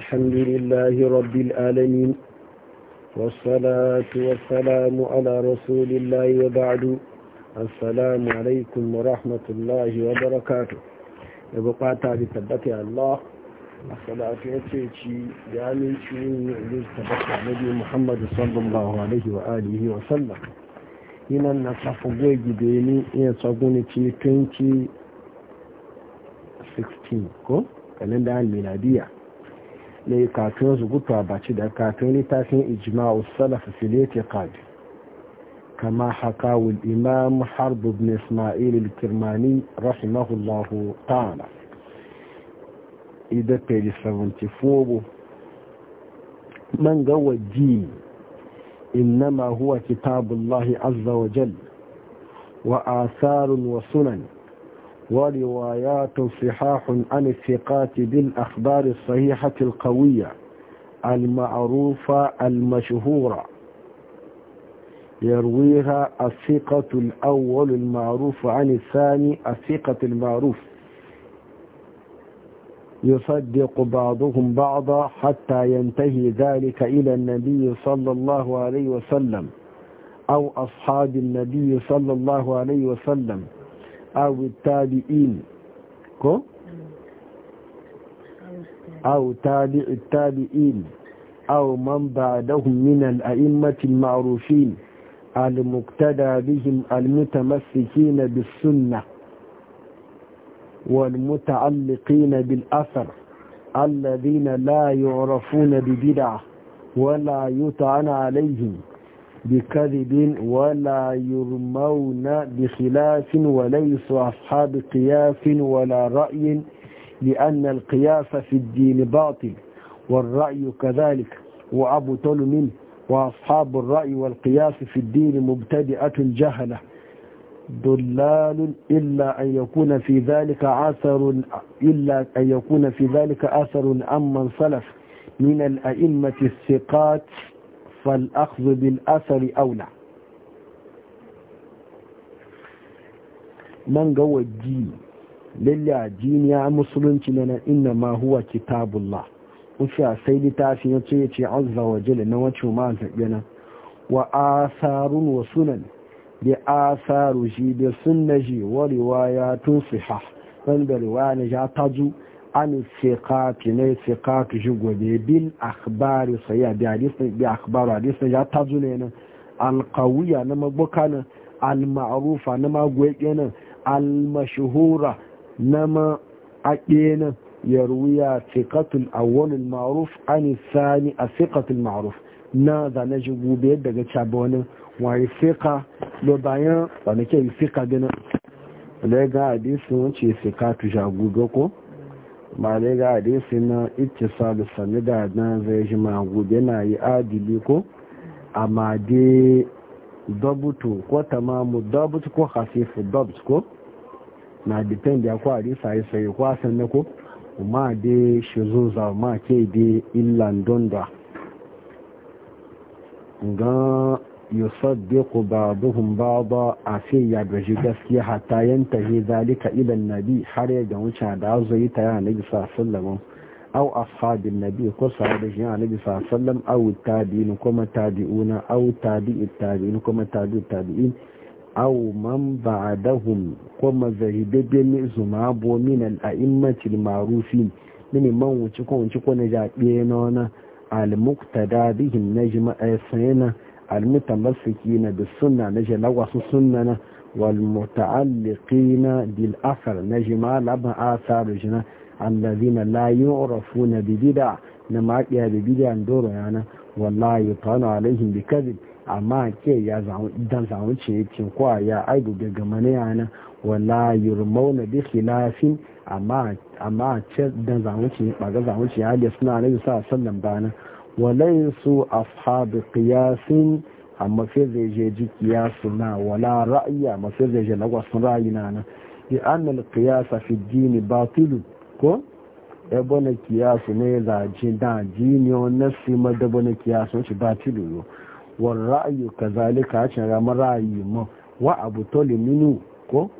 الحمد لله رب العالمين والصلاة والسلام على رسول الله وبعد السلام عليكم ورحمة الله وبركاته يبقى تعالي تبتع الله الصلاة والسلام يعني شوين يعجز تبقى نبي محمد صلى الله عليه وآله وسلم هنا نصف ويجي بيني يصابوني 2016 كو kalenda miladiya ne katun zugutu a baci da katun littafin ijma'u salaf filete qad kama haka wal imam harb ibn isma'il al-kirmani rahimahullahu ta'ala ida page 74 man ga waji إنما هو كتاب wa عز وجل وآثار وروايات صحاح عن الثقات بالأخبار الصحيحة القوية المعروفة المشهورة يرويها الثقة الأول المعروف عن الثاني الثقة المعروف يصدق بعضهم بعضا حتى ينتهي ذلك إلى النبي صلى الله عليه وسلم أو أصحاب النبي صلى الله عليه وسلم أو التابعين كو أو تابع التابعين أو من بعدهم من الأئمة المعروفين المقتدى بهم المتمسكين بالسنة والمتعلقين بالأثر الذين لا يعرفون ببدعة ولا يطعن عليهم بكذب ولا يرمون بخلاف وليس أصحاب قياس ولا رأي لأن القياس في الدين باطل والرأي كذلك وأبو تلم وأصحاب الرأي والقياس في الدين مبتدئة جهلة ضلال إلا أن يكون في ذلك أثر إلا أن يكون في ذلك أثر أمن صلف من الأئمة الثقات فالأخذ بالأثر أولى من قوى الدين للي الدين يا مسلم لنا إنما هو كتاب الله وفي سيد تاسي يتيتي عز وجل نواتي وما زبنا وآثار وسنن بآثار جي بسنجي وروايات صحح من برواية تجو an fiqati ne fiqatu jugobe bil akhbari sayya bi hadisin bi akhbaru hadisin ya tazu ne nan al qawiya na magbuka nan al ma'rufa na magweke nan al mashhura na ma ake nan yarwiya fiqatul awwal al ma'ruf an a asiqatul ma'ruf na da na jugobe daga chabon wa fiqa do bayan wa nake fiqa dina daga hadisin wace fiqatu jagobe ko malai ga hadisi na sami da na zai ji gobe na yi adili ko ma dai dabutu ko tamamu dabutu ko hasifu dabut ko na depend ya ko hadisa yi sai ko asan ko ma dai shi zuza ma ke dai illan donda ga yusaddiqu ba'dhum ba'dha a fi ya gaji gaskiya yan yantahi zalika idan nabi har ya ga wuce da zai ta ya nabi sallallahu aw ashabin nabi ko sahabin ya nabi sallallahu aw tabi'in kuma tabi'una aw tabi'i tabi'in kuma tabi'i tabi'in aw man ba'dahum kuma zahibibin zuma bo min al-a'immati al-ma'rufin min man wuce ko wuce ko na jabe na المتمسكين بالسنة نجي لغس السنة والمتعلقين بالأثر نجي ما لبها آثار جنا الذين لا يعرفون ببدع نما يا ببدع دور يعني والله يطعن عليهم بكذب ya dan daga mane yana wala yurmauna bi suna ne sa sallan bana walaisu ashabi qiyasin amma sai zai je ji qiyasu na wala ra'ayi a sai zai je ra'ayi na na? bi annal qiyasa fi dini batilu ko e bona qiyasu ne a ji da dini na si ma da bona qiyasu shi batilu yo ra'ayi ka kazalika a cin ramar ra'ayi ma wa abu tole minu ko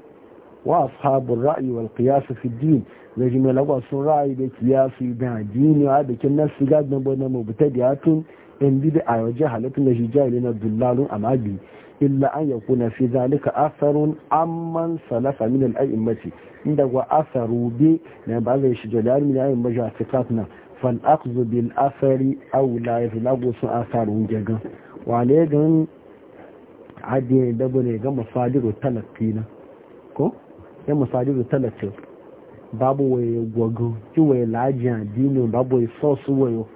wa ashabu ra'ayi wal qiyasu fi dini zai mai sun ra'ayi da kiyasu da addini a da kin nasu ga dan bana mu buta da in bi da ayoji halatun da hijali na dullalun amabi illa an yakuna fi zalika asarun amman salafa min al-a'immati inda wa asaru bi na ba zai shi jalal min al-a'immati ja tikatna fal akhdhu bil asari aw la yaflagu su asarun gagan wa ne gan hadiye da bane ga masadiru talakina ko ya masadiru talakina babu wai gwago ki waye lajin addini babu wai sosu wayo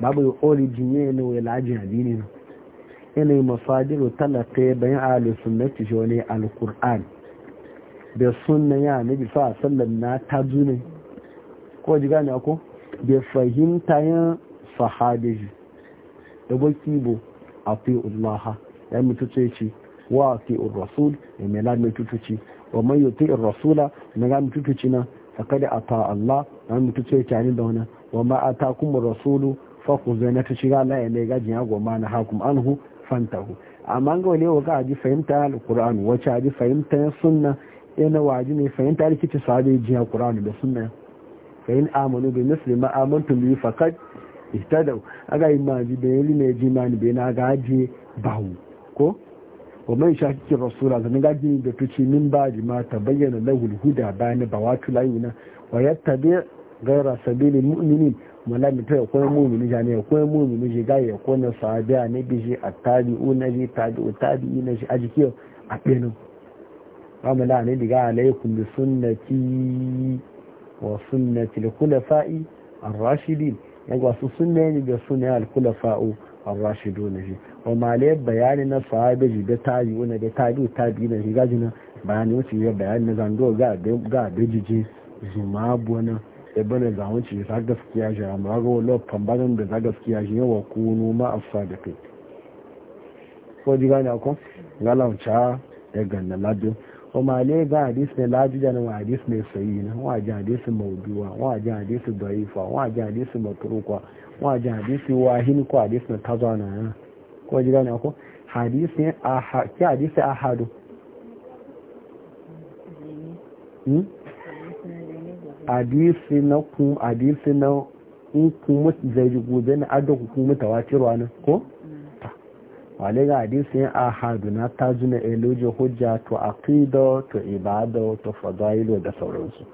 babu wai origin ne ne waye lajin addini ne ina yanayi masajiru ya bayan ahalin sunnati shi wani alkur'an da sunna ya ne bi sa sallan na ta zune ko ji gane ako da fahimta ya sahabe shi da baki bo a fi ullaha ya mutuce ce wa fi ur rasul ya mai lamar tutuci wa mai yuti rasula na ga mutuci na a ta Allah an mutu ce kyani da wani wa ma atakum rasulu ku na ta shiga Allah ya gajin ya goma na hakum anhu fantahu amma ga wani ga aji fahimta alquran wace aji fahimta sunna wa waji ne fahimta rikici sahabi ji alquran da sunna fa in amanu bi misli ma amantu bi faqad ihtadaw aga imaji da yali ne ji mani be na bahu ko wa man shakiki rasula zanin gajin da tuci min ba ma ta bayyana lahul huda bayani ba watu layina wa yattabi gaira sabilin mu'minin mala mito ya koyi mu'mini ja ne ya koyi mu'mini ji ga ya koyi na sahabiya ne bi shi a unaji, na ji tabi'u tabi'i na shi a jiki a benin amala ne diga alaikum bi sunnati wa sunnati al-khulafa'i ar-rashidin yaga su sunne ne da sunne al-khulafa'u ar-rashidun shi wa malai bayani na sahabe ji da tayi wani da tabi tabi na shi gajina bayani wuce ya bayani na zando ga ga bejiji zuma buwana ya bane za wuce ya gaskiya shi amma ga wala pambaran da za gaskiya shi yawa kunu ma as-sadiqin ko ji gane ko galauta ya ganna labin kuma ne ga hadis ne lajujan wa hadis ne sayi na wajen hadis mauduwa wajen hadis daifa wajen hadis matrukwa wajen hadisi wahini ko hadisi na tazo na yana ko ji gane ko hadisi a hadu hmm? hadisi na kun hadisi na in kuma zai gobe na adda hukumu tawatirwa nan ko wale ga hadisi a hadu na tazo na eloji hujja to akido to ibada to fadailu da sauransu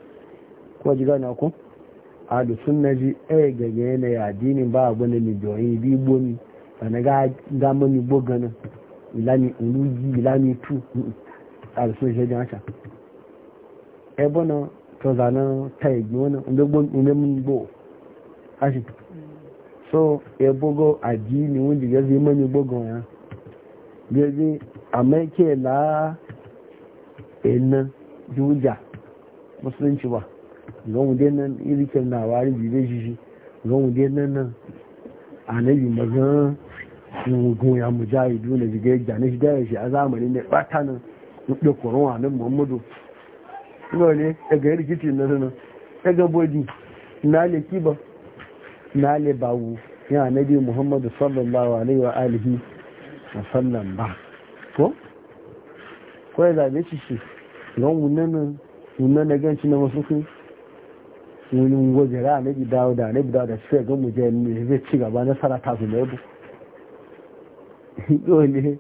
ko ji gane ko ahlu sunna ji eh, e ga yana ya dinin ba abu ne mi ne bi bomi sana ga ga mo mi bo gana ilami uluji ilami tu ahlu sunna ji acha e bona to zana ta igbo wani umbe bo ne mun bo ashi so e bogo adini wun ga zai mani bogo ya gezi amai ke la ina e juja musulunci ba gan de nan irikin na wari jibe jiji gan de nan nan anabi magan gun ya mujahidu na jiga ya na shi daya shi a zamani ne bata nan da koron hannun muhammadu ina ne daga ga rikici na nan daga bodi na le kiba na le bawu ya anabi muhammadu sallallahu alaihi wa alihi wa sallam ba ko ko ya zabe shi shi gan wunanan wunanan ganci na masu kai wani wajen ra na bi dawo da na bi dawo da shi ga mu je ne zai ci gaba nasara ta su ne bu dole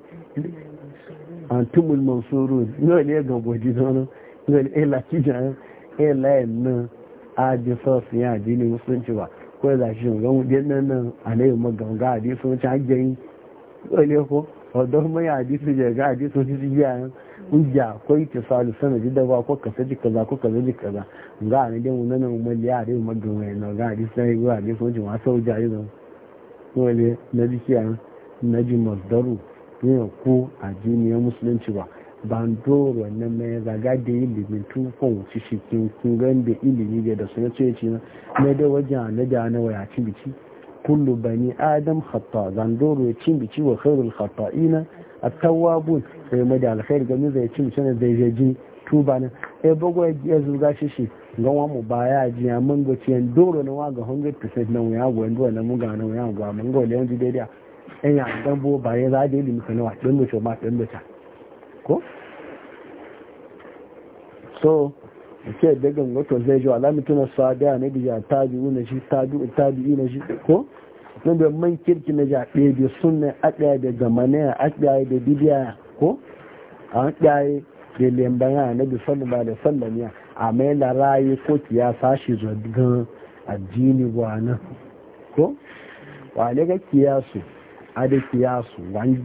antumul mansuru dole ga goji zono dole eh la ki jan eh la na a ji so su ya ji ne musulunci ba ko da shi ga mu je nan nan a ne mu ga a ji sun ci hajjin dole ko odon mai a ji su je ga a ji sun ci biya hujja ko itisalu sana jida ba ko kasa ji kaza ko kaza ji kaza ga ne dai mun nan mun ya dai mun ga wai na ga dai sai ga dai so jima sau ja yi don wale na bikiya na ji masdaru ne ko addiniyar musulunci ba Ban doro na mai zaga da ilimin tufon shi shi kin gan da ilimi da suna ce ce na da wajen na da na waya cin biki kullu bani adam khata zandoro cin biki wa khairul khata'ina attawabun sai mai da alkhair gami zai cin cin zai jaji tuba nan e bago ya zuga shi shi gawa mu baya ji ya mun go ciyan doro na ga 100% nan ya go ndo na mun ga nan ya go mun go le yanzu daidai en ya dan bo bare za da ilimi kana wa dan mu ma dan mu ko so ke dagan wato zai ji alamitin sa da ne bi ya tabi'u na shi tabi'u na shi ko na da man kirki na ja da sunna a ɗaya da zamane a ɗaya da bibiya ko a ɗaya da lembaya na bi ba da sallamiya a mai da rayu ko ya shi zargan addini ba nan ko ne ga kiyasu a da kiyasu wangi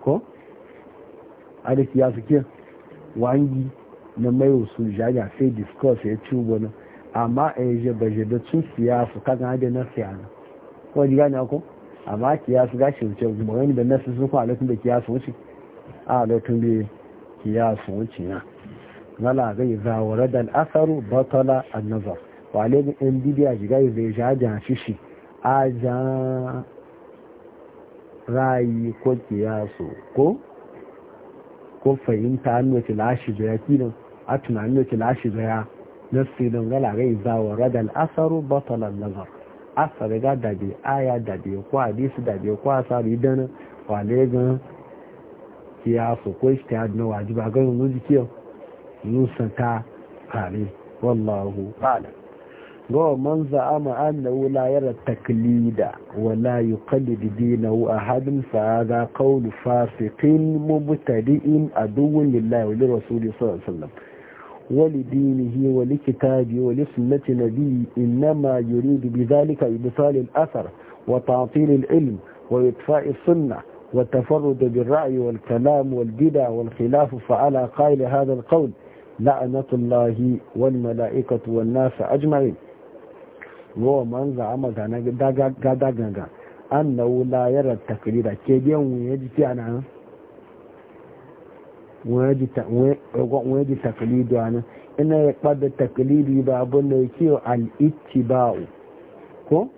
ko a da kiyasu ke wangi na mai wasu jaga sai discourse ya ci wani amma a yi jabe-jabe tun siyasu kan hada na siyana ko ji gane ko amma kiyasu gashi wuce kuma wani da nasu sun kwa lokacin da kiyasu wuce a lokacin da kiyasu wuce na mala zai zawara da al'asaru batala annazar wale ne yan bidiya shiga zai jan shishi a jan rayi ko kiyasu ko ko fahimta an wace lashi da ya kinan a tunanin wace lashi da ya nasu don gala zai zawara da al'asaru batala nazar. asar ga dabe aya dabe ko hadisi dabe ko asari dana wale gan so ko ishtihad na wajiba ga yanzu jikiyo nusa ta kare wallahu a'lam go man za'ama annahu la yara taklida wa la yuqallid dinahu ahadun fa hadha qawlu fasiqin mubtadi'in aduwwun lillahi wa lirrasuli sallallahu alaihi wasallam ولدينه ولكتابه ولسنة نبيه إنما يريد بذلك إبطال الأثر وتعطيل العلم وإطفاء السنة والتفرد بالرأي والكلام والبدع والخلاف فعلى قائل هذا القول لعنة الله والملائكة والناس أجمعين ومن زعم أنه لا يرى التقرير كيف يوم يجي عنه wọ́n ji takalidu ana ina ya kpada takalidu ba abin da ya kiyo al'ittiba'u ko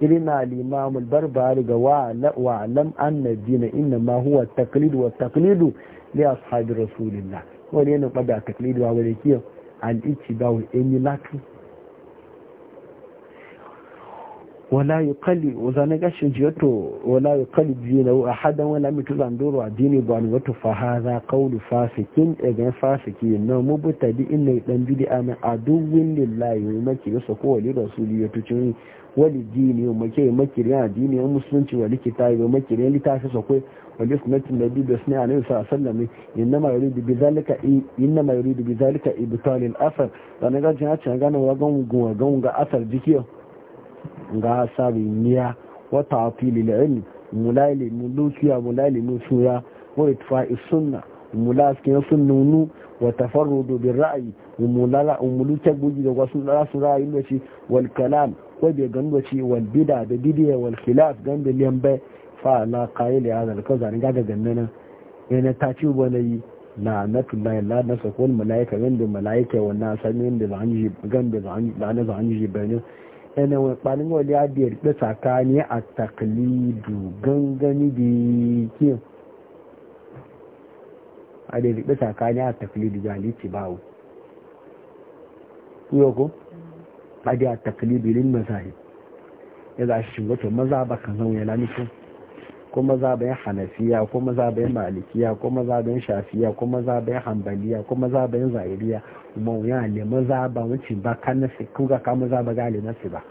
irin al'imamul barbari ga wa'alam annabi na inna ma huwa takalidu wa takalidu li ashabi rasulillah wani yana kpada takalidu ba wani kiyo al'ittiba'u in yi latu wala yuqalli wazana gashin jiyato wala na dinahu hadan wala mitu a dini ba ni wato fa hadha qawlu fasikin daga fasiki na mubtadi inna dan a min aduwwin lillahi wa maki yasa ko wali rasuli ya tuci wali dini wa maki maki ran dini wa musulunci wali kitabi wa maki ran sa sokoi wali sunnati nabi da sunna alaihi sallam inna a yuridu bi zalika inna ma yuridu bi zalika ibitalin asar athar dan gashin ya ce gane wa gan gun ga asar jikiyar nga sabi niya wa ta'tili al ilmi mulaili mulukiya mulaili musuya wa itfa'i sunna mulaskin sunnunu wa tafarrudu bil ra'yi umulala umuluke guji da wasu rasu ra'ayi lokaci wal kalam ko bai gando ci wal bida da bidiya wal khilaf gando bai fa la qaila ya zal kaza ni ga gannan yana ta ci bane yi na natullahi la nasakul malaika gando malaika wannan sanin da zanji yi gando zanji yi da zan yi bayanin yana wani kwanin wali ya biyar da tsakani a taklidu gangani da ke a da riɓe tsakani a taklidu ga liti bawo yau ko a da taklidu lin mazahi ya e za shi shigoto maza ba kan zaune na nufin ko maza bayan hanafiya ko maza bayan malikiya ko maza bayan shafiya ko maza bayan hambaliya ko maza bayan zahiriya kuma ya le maza ba wuce ba kan na sai kuga ka maza ba ga le na ba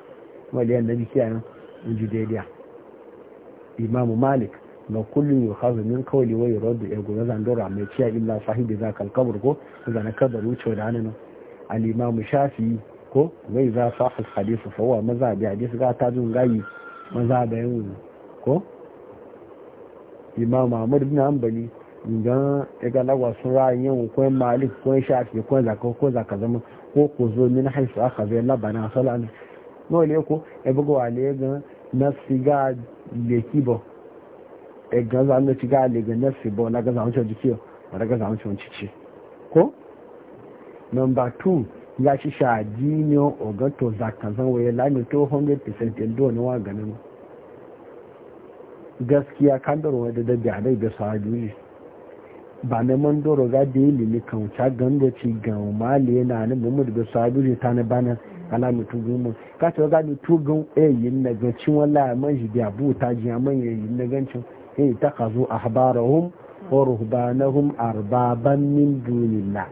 wali annabi kiyayen judaiya imamu malik na kullum yau hazu min kawai wa yi rodu ego na mai ciya illa sahibi za ka alkabar ko za na kabar wuce da hannun alimamu shafi ko zai za sahu hadisu fawa maza bi hadisu ga ta jin gayi maza da ko imamu ahmad bin hanbali gan e ga lagwa sun ra'ayin ko malik ko shafi ko zaka ko zaka zama ko ko zo min haisu aka zai labana salan no le ko e bugo wale e gan na siga le kibo e gan za na siga le na sibo na ga kiyo na ga ko number 2 ya shi shaji ne to zaka zan waye lami to 100% ne wa gaskiya kan da da dabbi a dai ga sahabi ne ba na mandoro ga da yi lili kan ca gando ci ga mali yana ni mu da sabu ne ta na bana ala mi tugu mu ka ta ga mi tugu eh yin na ga cin wala man shi da bu ta ji man yin na cin eh ta kazu ahbarahum wa ruhbanahum arbaban min dunillah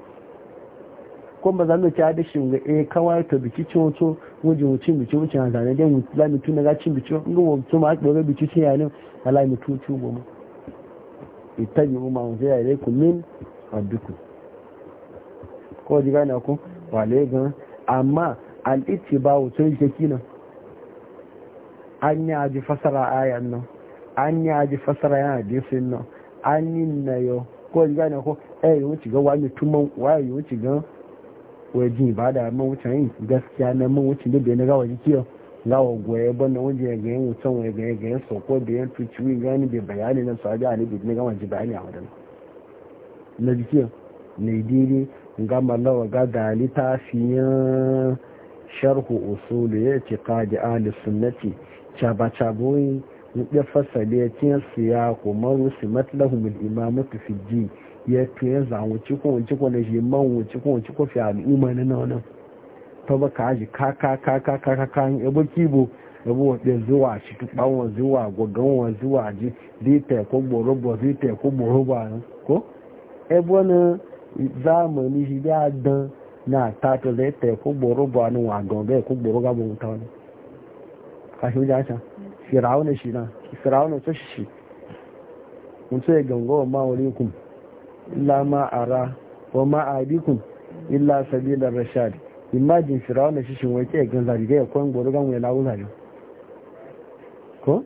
kuma za mu ci da shi ga eh kawai to biki cin wato wuce wucin biki wuce a zane mu la mi na ga cin biki mu wucin ma ga biki cin yanin ala mi tutu mu. mu ittabi'u ma unzila ilaykum min rabbikum ko ji gane ku wale gan amma al'ici ba wucin jiki nan an yi aji fasara ayan nan an yi aji fasara yana sun nan an yi na yau ko ji gane ku eh yi wuce ga wani tuman waye yi wuce ga wajen ibada man wuce yin gaskiya na man wuce da bai na gawa jikiyar lawa goye bane wajen ya gayen wutan wani gaye gayen soko da yan tuciwi gani bai bayani nan su hajji alibi ne gama ji bayani a wadana na jiki ne dini gama lawa ga dali ta fiye sharhu usulu ya ce kaji ahli sunnati caba-caboyi ya fasale ya ce siya ko maru su matlahu mil imamu tufi ji ya fiye zawuci ko wuci ko na shi man wuci ko wuci ko fi al'umma na nan ta ka ha ji ka ka ka ka ka ka ka ya kibo ya zuwa shi wa zuwa gogan wa zuwa ji zita ko gboro ba ko gboro ba ko ọ na zamani shi ya dan na ta to zita ko gboro ba wa gan ko ta ne ka shi ja shi na shi mun sai gango ma illa ma ara wa ma abikum illa rashadi imagine firawa na shishin wai ke gan zari ya kwan goro gan wai lawo zari ko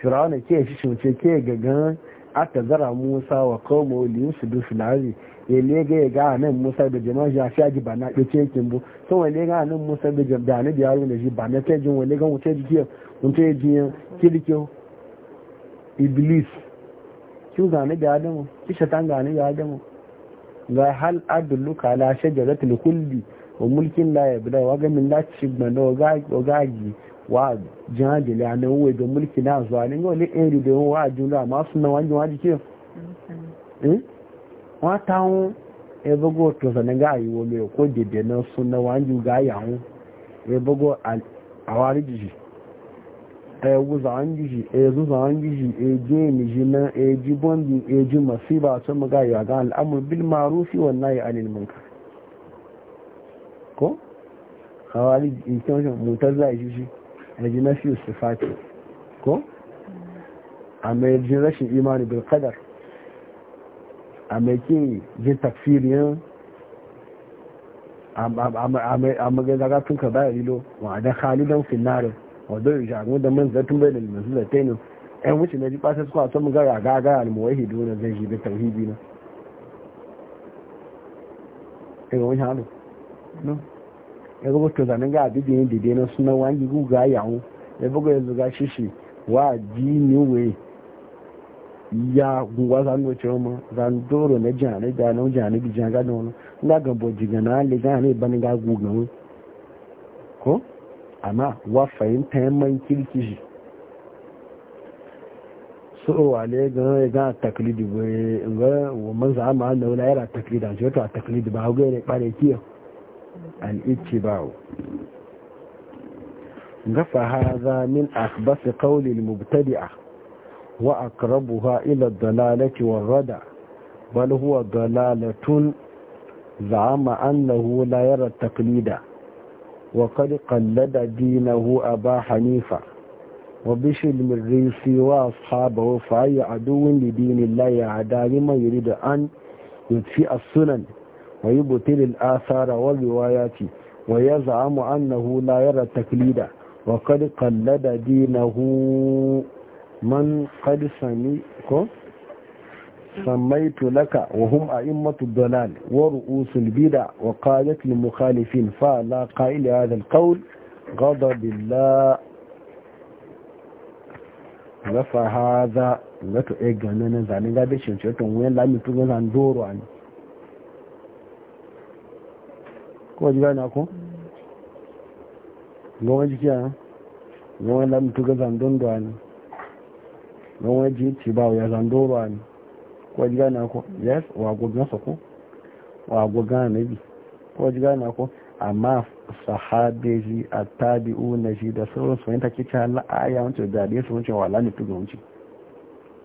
shirawa na ke shishin ce ke gagan aka zara musa wa kawo liyu su dusu na lari ya lega ga nan musa da jama'a ya fi aji ba na ce yake bu sun wa lega nan musa da jama'a da yaro da shi ba na ta jin wani gan wuce jikiya wuce jiya kirkiyo iblis ki zane ga adamu ki shatan gane ga adamu ga hal adulluka ala shajaratul khuldi wa mulkin la yabda wa ga min lati gbana wa gagi wa jihadi la na wa ga mulki na zuwa ne ga wani iri da wa jula ma sun na wani wani ke eh wa tawo e bugo to zan ga yi wo me ko dede na sun na wani ga yawo e bugo al awariji wuza an gishi e zuza an gishi e je ji na eji ji bondi e ji masiba sun maga ya ga al'amur bil marufi wannan ya anil munkar ko hawali intention mutazila ji shi da ji nafi sifati ko a mai jin rashin imani bil qadar a mai ke jin tafsirin a tun ka bayan lilo wa'adan khalidan finnarin wadda ya shagun da man zartun bai da limansu da taino yan wuce na ji fasa suka ta mu gara gaga almuwahi dole zai shi da tauhidi na daga wani hannu ya ga wato zanen ga abin yin dide na suna guga yawo ya buga yanzu shishi wa ji ni we ya gungwa ma zan doro na jani da na jani bi jani ga don na ga bo jigana le ban ga ko amma wa fahimta yamman kirki shi sowa ne gan ya gan taklidi bai ga wannan zama na wala yara taklidi an jota taklidi ba ga ne bare kiyo al ittiba'u fa hadha min akhbas qawli al mubtadi'a wa aqrabuha ila ad-dalalati war rada bal huwa dalalatun za'ama annahu la yara taklida وقد قلد دينه أبا حنيفة من ريسي وأصحابه فأي عدو لدين الله عدا لما يريد أن يطفئ السنن ويبطل الآثار والروايات ويزعم أنه لا يرى التكليد وقد قلد دينه من قد سمي Sammai tulaka, wa hum a'immatu dalal wa ru'usul bid'a wa qadatul mukhalifin fa da shin cewa wani lami to zan doro an ko zan dondo an gowon waji na ko yes wa gogansa ko wa gogan na ko waji na ko amma sahabeji attabi'u na shi da sauran su yanta kici hal aya wancan da dai su wancan wala ne tuga wancan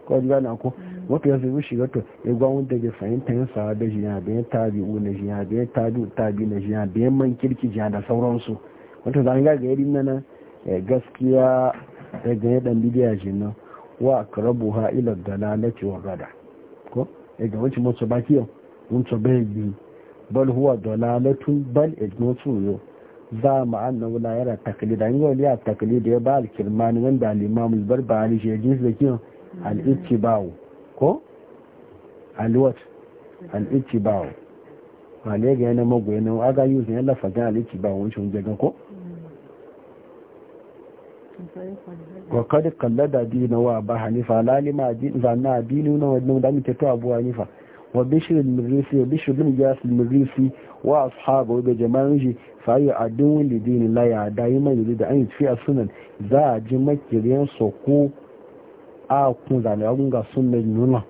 ko waji na ko wato ya zubi shiga wato ya gwa wanda ke fahimta yin sahabeji ya da ya tabi'u na shi ya da eh, ya tabi'u tabi na shi ya da man kirki ya da sauransu wato zan ga ga irin nan gaskiya daga ya dan bidiya jinna wa akrabuha ila dalalati wa gada ẹgbẹ̀ wọ́n ti mọ́ sọ bá kí ọ ń sọ bẹ́ẹ̀ gbé bal huwa dalalatun bal ignotu yo za ma annahu la yara taqlid an yau ya taqlid ya ba al-kirmani wanda al-imam al-barbari shi jins da kiyo al-ittiba'u ko al-wat al-ittiba'u wale ga yana magoyi nan aga yusin yalla fagan al-ittiba'u wancan jagan ko wa kallada dina wa ba hanifa lalima zanna dinu na wannan da muke to abu hanifa wa bishr al-mirisi wa bishr bin jas al-mirisi wa ashabu da jama'an shi fa yi adun li dini la ya dai mai yuri da an yi fi sunan za a ji makiriyan soko a kun zane kun ga sunan nuna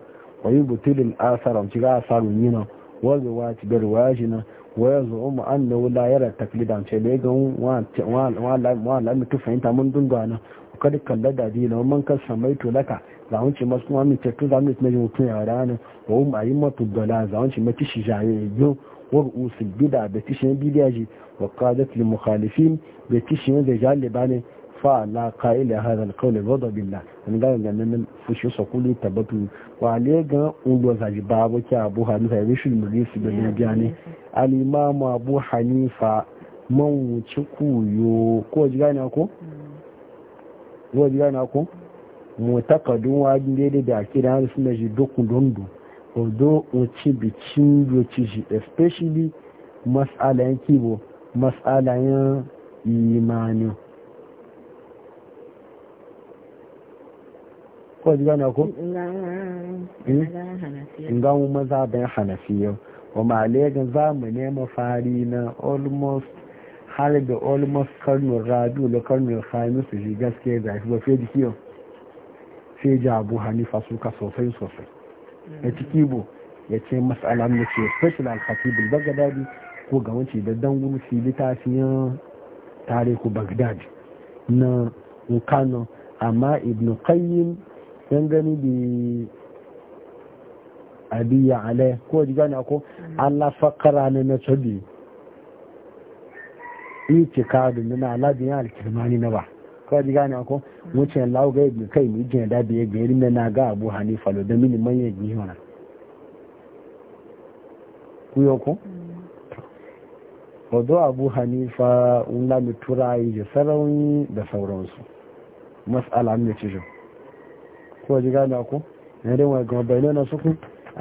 wa yi butulil asaram ci ga asarun yina wa zuwa ci da ruwajina waya zuwa mu an na wula yara taklidan ce bai ga wa la mutu fahimta mun dunga na kada kalla da bi na man kan samai to laka za mu ce masu mu ce to za mu ce mutum ya rana wa mu ayi dala za mu ce mati shi jaye da bidiyaji wa qadat lil mukhalifin da ne fa la qa'ila hadha al-qawl ghadab billah an ga ga nan fushi sakuli tabatu wa le ga ulo zaji babu ki abu hanifa ya shi murisi da ne gane al-imam abu hanifa man wuci kuyo ko ji gane ko ko ji gane ko mutakadun wa daidai da kiran na ji dokun dondo although wuci bicin wuci ji especially mas'alayen kibo mas'alayen imanin ko ji gane in ga eh? mu maza bayan hanafiya wa malayin za mu nema fari na almost har da almost karnin radu da karnin hannu su shi gaske da shi ba fiye da kiyo sai ji abu hanifa suka sosai sosai mm. ya ci kibo ya ce matsala mu ce special al-khatibul bagdadi ko ga wance da dangun fili tafiyan tare ku bagdadi na nkano amma ibn qayyim gani da abiya alai ko ji gani ko allah fakara ne na tobi ka kadu nuna aladun ya alkirmani na ba ko ji gane ko Allah ga ibn kai mu ji da biye gari na na ga abu hanifa lo da mini manya ji Ku yo ko wazo abu hanifa wula mutura yi da sarauni da sauransu mas'ala ne ce shi وجيغاناكو نيرين واغو بينينا سوكو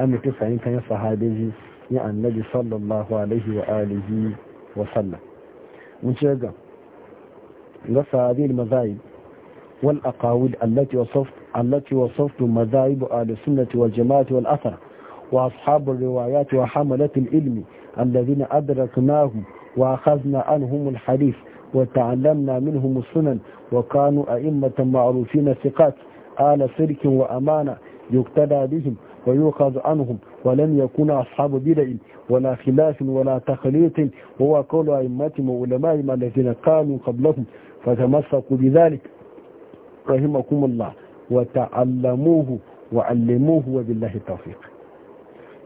امي تي فاين كان صحابي يا النبي صلى الله عليه واله وسلم منشغا لصحابي المذاهب والاقاويل التي وصفت التي وصفت مذاهب اهل السنه والجماعه والاثر واصحاب الروايات وحمله العلم الذين ادركناهم واخذنا عنهم الحديث وتعلمنا منهم السنن وكانوا ائمه معروفين ثقات آل صدق وأمانة يقتدى بهم ويؤخذ عنهم ولم يكون أصحاب بدع ولا خلاف ولا تخليط وهو قول أئمتهم وعلمائهم الذين كانوا قبلهم فتمسكوا بذلك رحمكم الله وتعلموه وعلموه وبالله التوفيق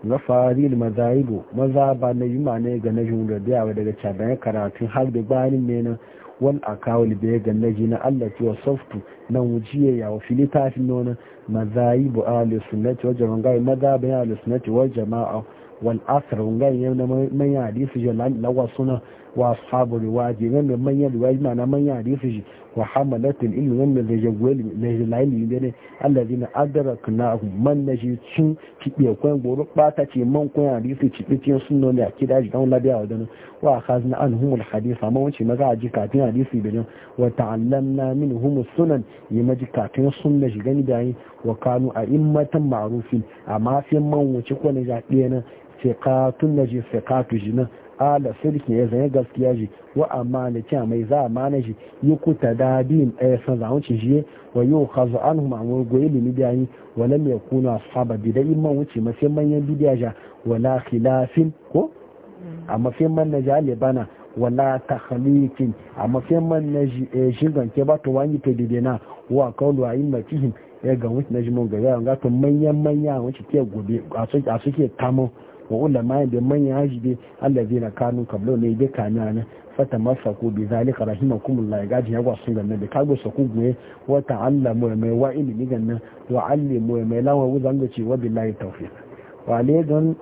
na faril mazaibu maza ba na yi mane ga na jumhuriyar daga cabayen karatun har da bayanin ne wal akawul ya ganna naji na Allah ki softu na wujiye ya wa fili tafi nona mazayibu ahli sunnati wal jamaa ngai madhabi ahli sunnati wal jamaa wal asr ngai na mai hadisi jalan lawa suna. wa ashabu riwaji nan da manyan riwaji ma'ana manyan hadisi shi wa hamalatul ilmi wanda da jagwali da jilaili da ne allazi na adrakna man naji cin kibe kwan goro bata ce man kwan hadisi ci cikin sunno ne a kida ji kan labiya wa dano wa khazna anhum al hadith amma wace maga aji katin hadisi da nan wa ta'allamna minhum sunan yi maji katin sunna shi gani da yi wa kanu a'immatan ma'rufin amma sai man wuce kwana ja ɗaya nan sai ka tun naji sai ka ala sirki ya zai gaskiya ji wa amana kya mai za mana ji yi kuta da biyun ɗaya eh, san zaun ci jiye wa yi wa kazu an hu ma'amur goyi limi biyayi wa lam ya kuna saba bi da in man wuce mafi manyan bidiya ja wala khilafin ko a mafi man na ja lebana wala takhaliqin a mafi man na jigan eh, ke ba to wani ta didena wa yi a'immatihim ya ga wuce na jimon ga yawan ga to manyan manya wuce ke gobe a suke kamo wa ulama da manyan haji dai allazi na kanu kablo ne dai kana na fata masaku bi zalika rahimakumullah ya gaji ya gwa sun ganna da kago ku gwe wa ta'allamu mai wa ilimi ganna wa allimu mai lawa wuzan da wa billahi tawfiq wa le don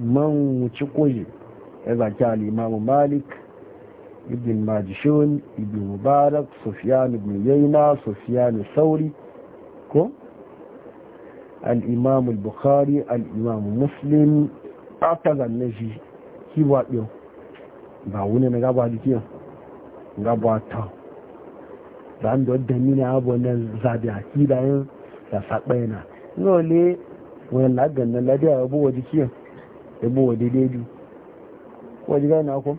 man wuci koyi ya zaki al-imamu malik ibn majishun ibn mubarak sufyan ibn yayna sufyan sauri ko الإمام البخاري bukhari مسلم أعتقد aka كيف shi kiwa ɗin ba wuni na gaba jikin gaba ta da an da wadda nina abu na zaɓi a kidayen da saɓa yana nole wani أبو na ladiya ya buwa jikin adéza buwa daidai ṣe ní gani na kuma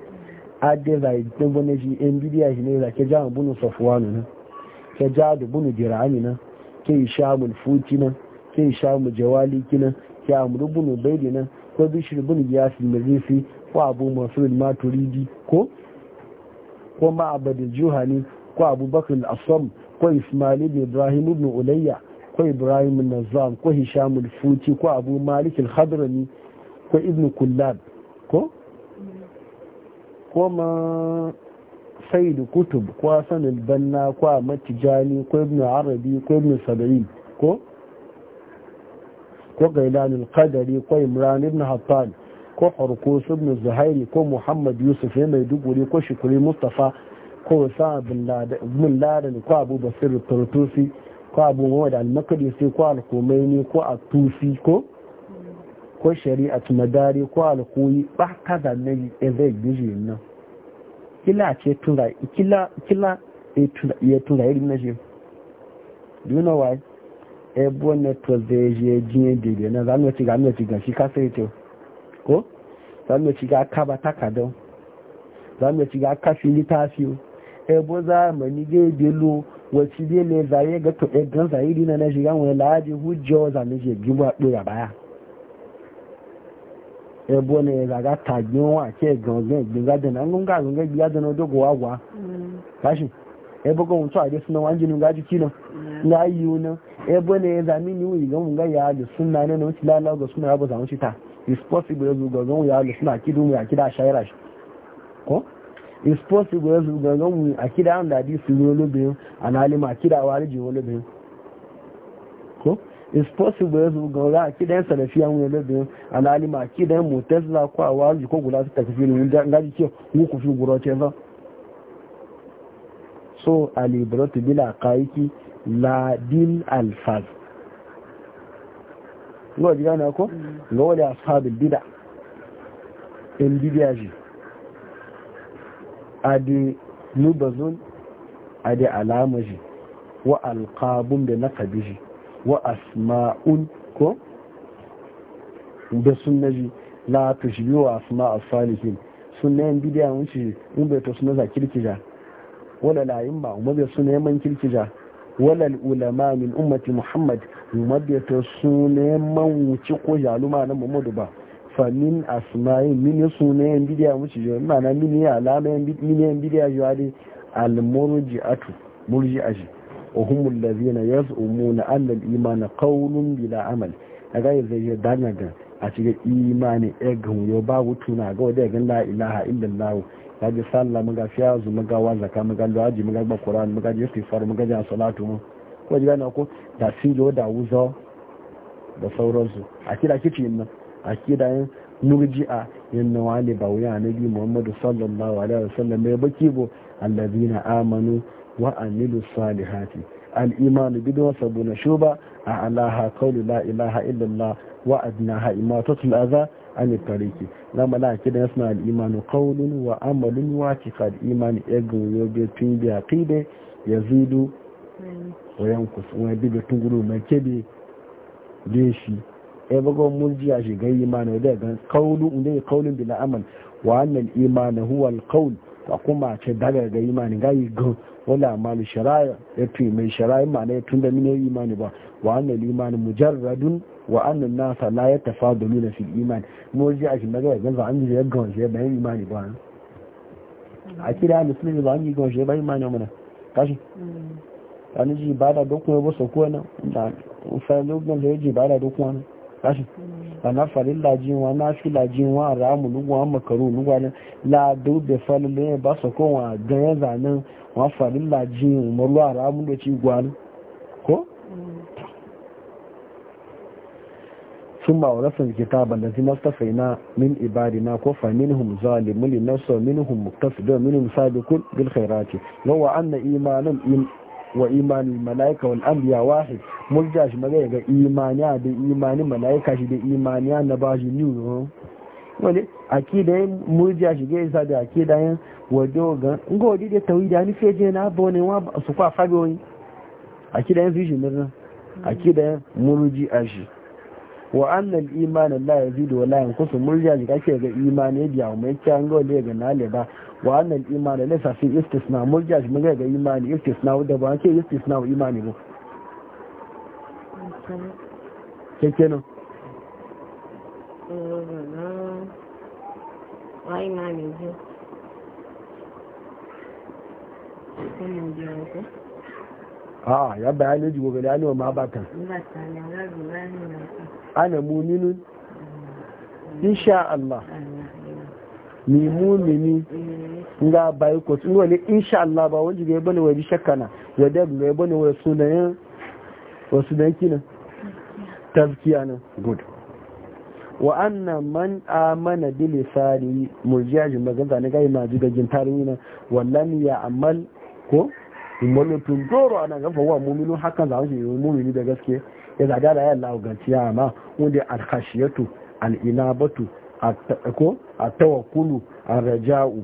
adin náà dangwane shi yan bidiya shi ne zake jihar bunu sha mu jawali kina ki amru bin baidi nan ko bishir bunu giyasi mazifi ko abu ma maturidi ko ko ma abadin juhani ko abubakar asam ko ismail ibn ibrahim bin ulayya ko ibrahim nazam ko hisham al-futi ko abu malik al-hadrami ko ibn kullab ko ko ma sayyid kutub ko hasan al-banna ko matijani ko ibn arabi ko ibn sabain ko ko gailanul kadari ko imran ibn hattan ko harkus ibn zuhairi ko muhammad yusuf ya mai duguri ko shukuri mustafa ko sa bin laden ko abu basir turtusi ko abu muhammad al-makadisi ko al-kumaini ko at ko ko shari'at madari ko al-kuyi ba kaza ne zai gije nan kila ce tura kila kila ya tura irin na shi do you know why ebo na to zai je na zamu ci ga ci ga shi ka to ko zamu ci ga ka ba takadon zamu ci ga ka fili ta fiyo ebo za ma ni mani ga belo wacce dai ne zaye ga to ɗan e zaye iri na na shiga wani laji hujjo za mu je giwa ɗora baya ebo ne zaga tagin wa ke gangan gbigadana an gunga gangan gbigadana dogo wagwa mm. kashi ebo ga mutu a dai suna wani jinin gaji kino na yi yi ebe bane ya zami ni ga mun ga ya da sunna ne na wuce lalawa ga sunna ya is possible ya zuga ya da kidu mu ya kida shayara shi ko is possible ya zuga ga a kida an da di su ne lobe an alima kida wari ji lobe ko is possible ya zuga ga kida lobe kida ko gula su ce ku fi gura so alibratu bila Ladin alfaz yau ji gane ko mm. ga wadda ashabin bida in bidiya ji a da nubazun a da alama ji wa alkabun da nakabi ji wa asma'un ko da sunna ji shi tushbi wa asma'a salihin Sun yan bidiya wuce in bai to suna za kirkija wala la yin ba umar bai suna yan man kirkija walal ulama min ummati muhammad madata sune man wuce ko yaluma na muhammadu ba fa min asma'i min sune yan bidiya muci jo mana min ya alama min yan bidiya jo ade al murji'atu murji'aji wa hum alladhina yaz'umuna anna al imana qawlun bila amal daga yanzu ya dana ga a cikin imani ya gawo babu tuna ga wadda gan la ilaha illallah ya ji sallah muga fiya zu muga wa ga muga laji muga ba qur'an ga ji istighfar ga ji salatu mu ko ji gana ko da sinjo da wuzo da sauransu akida kici nan akida yin murji'a yin nawali ba wuya bi muhammadu sallallahu alaihi wasallam mai baki bo allazina amanu wa amilu salihati al'imanu bidon sabuna shuba a alaha kauli la ilaha illallah wa adnaha imatatul aza an tariki na malaki da yasna al'imanu kaulun wa amalin wa ka al'imani ya goyo bai tun biya kide ya zidu wa wayan kusa wani bibe tun gudu mai kebe da shi ya bago murjiya shiga imanu da gan kaulun da kaulun bila amal wa annal imanu huwa alqaul a kuma ce daga ga imani gayi gan wani amalu shari'a ya fi mai shari'a ma'ana ya da mini imani ba wa annan imani mujarradun wa annan nasa la ya tafadalu na fi imani mu ji a shi ya yanzu an ji ga wanzu ya bayan imani ba a kira musulmi ba an yi wanzu ya bayan imani mana kashi mm. an ji ba da dokuwa ba sa kuwa na da fa'ilogin da ya ji ba da dokuwa kashi ana farilla wa, na fila wa, ramu lugwa makaru lugwa ne la dubbe ne ba su kowa ganyen zanen wa farilla jin a ramu da ci gwanu ko sun ba warasan ba da zina stafaina min ibadina ko fa minhum zalimun li nafsa minhum muqtasidun minhum sabiqun bil khairati lawa anna imanan wa imanin mala'ika wal anbiya wahid murja shi magana ga imaniya da imanin mala'ika shi da imaniya na ba shi ni wani akida yin murja shi ga isa da akida yin wajo ga ngo wadi da tawida ni feje na abu ne wa su kwa fago yi akida yin fishi mirna akida yin murji a shi wa annal imanin la yazidu wa la yankusu murja shi kake ga imani ya biya mai kyan ngo ne ga nale ba wannan imani ne sai istisna murja shi muga ga imani istisna da ba ke istisna imani mu ke kenan wa imani ji a ya bayani ji gobe da ni ma ba kan ana muminun insha Allah ni mumini nga bayi ko tun wani insha Allah ba wanda ga bane wani shakka na wanda ga bane wani sunayen wasu dan na tazkiya na good wa anna man amana bi lisani murjiaji maganta ne gai maji ga jin tarihi na wallan ya amal ko imanu tun doro ana gafa wa mu'minu hakan za su yi mu'mini da gaske ya zaga da ya Allah ganciya ma wanda al-khashiyatu al-inabatu at-tawakkulu ar-raja'u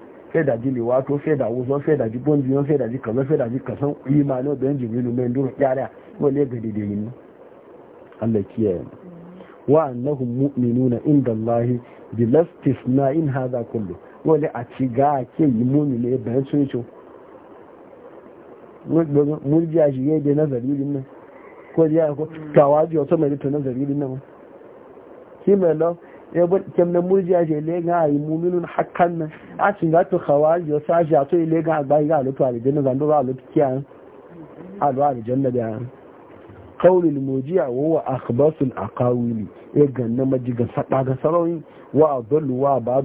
fedaji liwato feda wuzo fedaji bonjiyon fedaji kaza fedaji kasan imanin da yanzu bilu mai duru kyara wale gadi da yi Allah kiyaye wa annahum mu'minuna inda Allah bi lastisna in hadha kullu wale a ci ga ke yi mu'mine bayan sun ci murjiya shi yayi da nazari din nan ko ya ko tawaji kem na murjiya je muminun hakan nan a cin ga to khawarij yo sa ja to ile a ga wa huwa a aqawili ya e ganna wa wa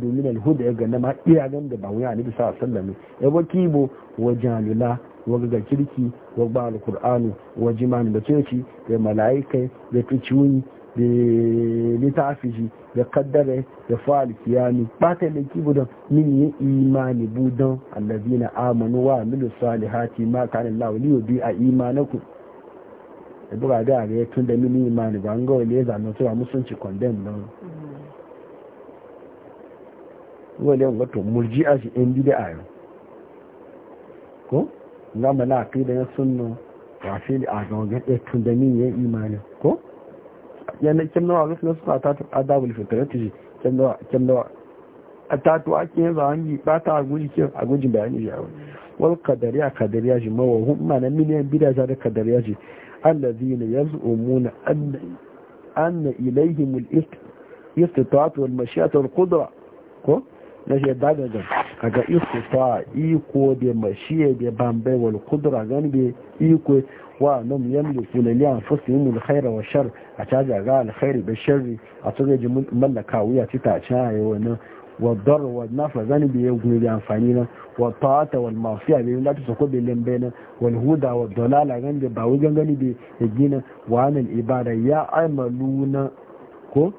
ya e ganna ma iya gan da ba wuya ne sallallahu alaihi wasallam ya kibo wa jalula wa ga kirki wa ba alkur'anu wa jimani da ceci da malaikai da tuciwi da litafi ya kaddara ya fa'al kiyami bata da ki budan min yi imani budan na amanu wa sani salihati ma kanin lauli yau biyu a imanaku da buga da ga tun da min imani ba an ga wale zanen tura musunci condemn don wale wato a shi in bid'a yau ko ngama na ya sunna wa fil a ga tun da min yi imani ko yana kim nawa ga suna suna ta adabul fitrati kim nawa kim nawa ta to ake yin zawangi ba ta guji kin a gujin bayani ya wani wal qadariya qadariya ji mawa hum mana miliyan biyar bidaja da qadariya ji allazina yaz'umuna anna anna ilayhim ta istitaat wal mashi'at wani kudura ko na shi daga ga kaga ta, iko da mashi'a da bambai wani kudura gani be iko wa nam yamliku na liyan fusimu alkhaira wa shar a caja ga alkhairi da sharri a tsoge ji mallaka wuya ci ta caye wannan wa dar wa nafa zani bi yugun bi amfani na wa ta'ata wal ma'siya bi lati sako bi lembe na wal huda wa dalala gande ba wugan gani bi yagina wa anil ibada ya amaluna ko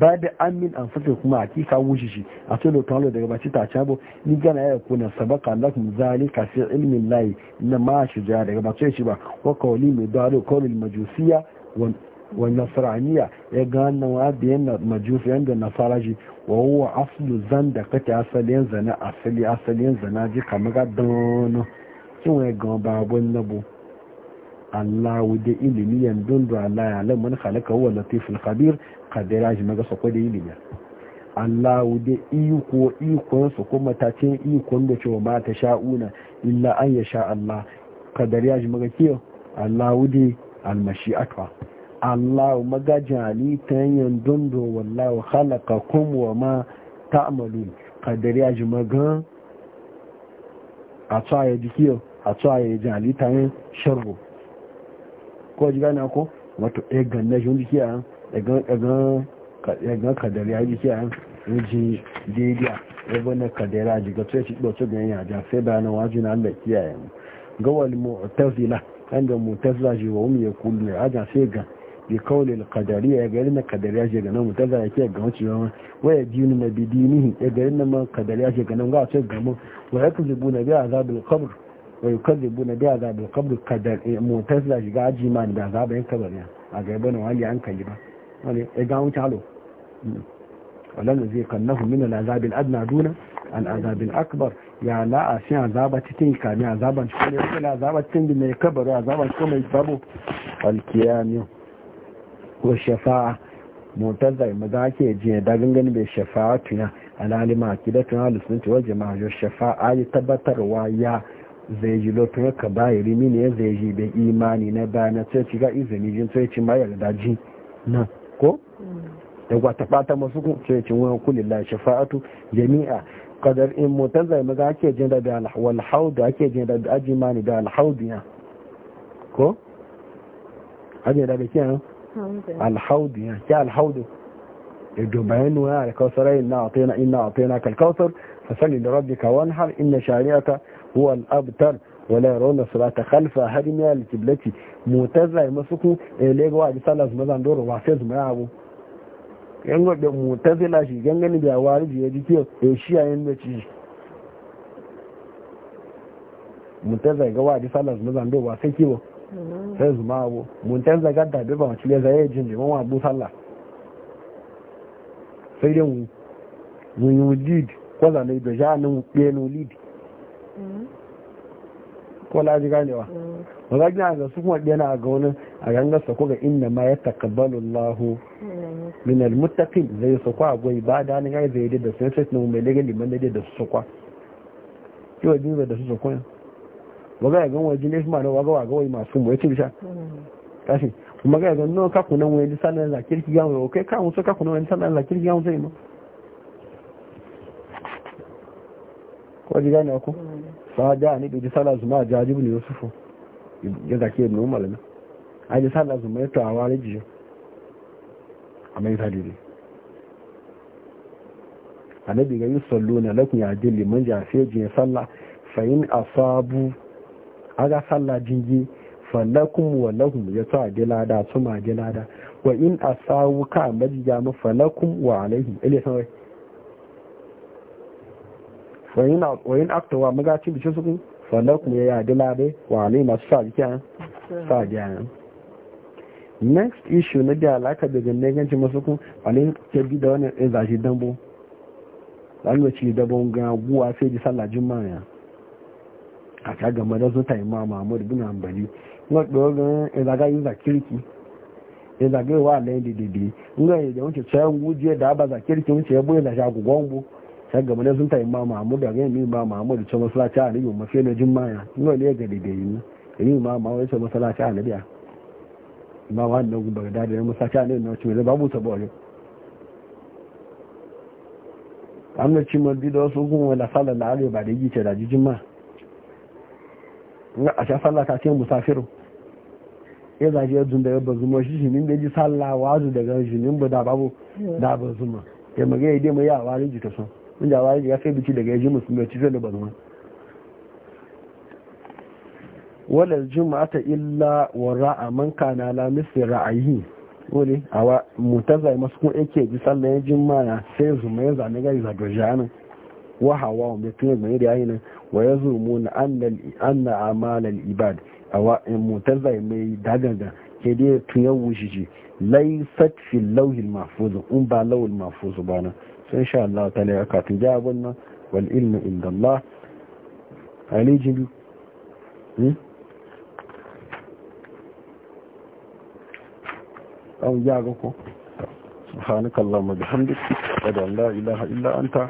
ba da amin an fasa kuma a kika wuce shi a tsoro ta halar daga baci ta cabo ni gana ya na sabaka lafin zalika fi ilmin layi na ma shi jaya daga baci shi ba ko kawali mai dalo kawalin majusiya wa nasraniya ya gana wa biyan majusiyan da nasara shi wa wuwa asali zan da kake asalin zana asali asalin zana ji kamar ga dono kin wani gaba abun Allah wude ilimi yan dundu Allah ya lan man khalaka huwa latiful khabir kadira ji maga sako da ilimi Allah wude iko iko su kuma ta ce iko da cewa ba ta sha'una illa an ya sha Allah kadira ji maga kiyo Allah wude almashi'atwa Allah maga jani ta yan dundu wallahu khalaqakum wa ma ta'malun kadira ji maga a tsaya jikiyo a tsaya jali ta yan sharru ko ji gane ko wato ɗaya eh, ganna shi wani kiyaye eh, ɗagan kadari eh, ya ji kiyaye wuji daidai ya bane kadari a jiga tsoye shi ɗauce ganyen ja sai bayanan wajen na allah kiyaye mu gawal mu'tazila mu mu'tazila shi wa wumi ya kulle a ja sai ga bi da kadari ya gari na kadari ya shiga nan mu'tazila ya kiyaye ga wuce yawan waya dinu na bidinihi ya gari na ma kadari ya shiga nan ga a ce gamin wa ya kuzubu na biya azabul qabr wa yukazzibu na bi azabil qabr kadar mu'tazila shiga aji ma da azabai kabari a ga ibn wali an kai ba wani ya ga mun talo walan zai kannahu min al-azabil adna duna al-azabil akbar ya la a shi azaba cikin kami azaban cikin ne kula azaba cikin ne kabari azaban cikin mai babu al-qiyam wa shafa'a mu'tazila ma da ke je da gangan bai shafa'a tuna alalima kidatun alusunta wajen mahajjar shafa'a ya tabbatarwa ya zai ji lotura ka bayi ya zai ji bai imani na baya na ci ga izini jin ci ma yarda ji na ko da wata fata masu ci wani la shafa'atu jami'a kadar in zai maza ake jin da da alhaudu ake jin da ajimani da alhaudu ya ko ajin da da kiyan alhaudu ya ke alhaudu da dubayen nuna alkausarai na atena ina atena kalkausar فصل لربك وانحر إن شارعك هو الأبتر ولا يرون الصلاة خلف هرم القبلة متزع مسكو إليه واحد صلى الله عليه وسلم وعسيز yango da mutazila shi gangani da wariji ya ji ya shi yayin da ci mutazila ga wadi salas mazan do ba sai kiwo sai zuma abu mutazila ga da ba wacce ya zai jin jiman wa abu sallah sai dai mu yi wujid kwanza na ibeja nan penu lidi mm. ko laji ganewa mm. ba gina ga su kuma yana ga wani a ganga sa ko ga inna ma ya takabbalu Allahu mm. min zai su kwa goyi ba da ni ga zai da sai sai mun mai daga liman da da su kwa ki wa dinga da su su kwa ba ga ga wani ne ma na wa ga wai masu mu yace bisha kashi kuma ga ga no ka kunan wani sanan la kirki ga kai ka mu ka kunan wani sanan la kirki wajen gani ako ba da ni bi sala zuma jajibu ne yusufu ya zake ibn umar ne a ji sala zuma ya tawa rijiyo a mai sadiri annabi ga yusallu na lakun ya jin liman ja sai je salla fayin asabu aga salla jingi falakum wa lahum ya ta jilada su ma jilada wa in asawu ka majija mu falakum wa alaihim ilai wai. wayin aktawa magaci bishi suku kuma ya yadi labe wa ne masu sa jikin next issue na biya alaka da gangancin masu kun wani ke bi da wani ɗin zashi dambo lalaci dabon gaguwa sai ji sallah jimaya a ka gama da zuta imam mahmud bin hanbali wọ́n ɗọ́ gan ẹ̀zàgá yóò zakiriki ẹ̀zàgá ìwà lẹ́yìn dìdìdì ń gbẹ̀yẹ̀ saga mana sun tayi ma mahmud da ga mi ma mahmud ce masallaci a nabi mafi na jummaya ne ne ga dide yi ni ma ma wai ce masallaci a nabi ma wannan gudu da da masallaci a na ce ba mu sabo ne amma ci man bi da wasu kuma da sala da ali ba da yi ce da jijin ma a sha sala ta ce musafiru ya zaje yadda da yabba zuma shi shi nin da ji sallah wazu daga shi nin ba da babu da ba zuma ya magana ya dai mai yawa ne jita sun inda wa ya sai biki daga yaji musulmi ci zai da wadda wala ta illa wa ra'a man ka na lamisi ra'ayi wani awa mutaza masu kuma yake ji sallan juma'a sai zuma ya zane gari zadojanin wa hawa wa mutum zane da nan wa yazumuna annal anna amalal ibad awa mutaza mai dagaga ke dai tun yawo shi laysat fil lauhin mafuzu um ba mafuzu ba nan so insha Allah ta ne aka tuja jawabin nan wal ilmu inda Allah alijibi hmm? an ja ga ko subhanakallahumma bihamdika wa la ilaha illa anta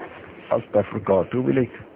astaghfiruka wa atubu ilayk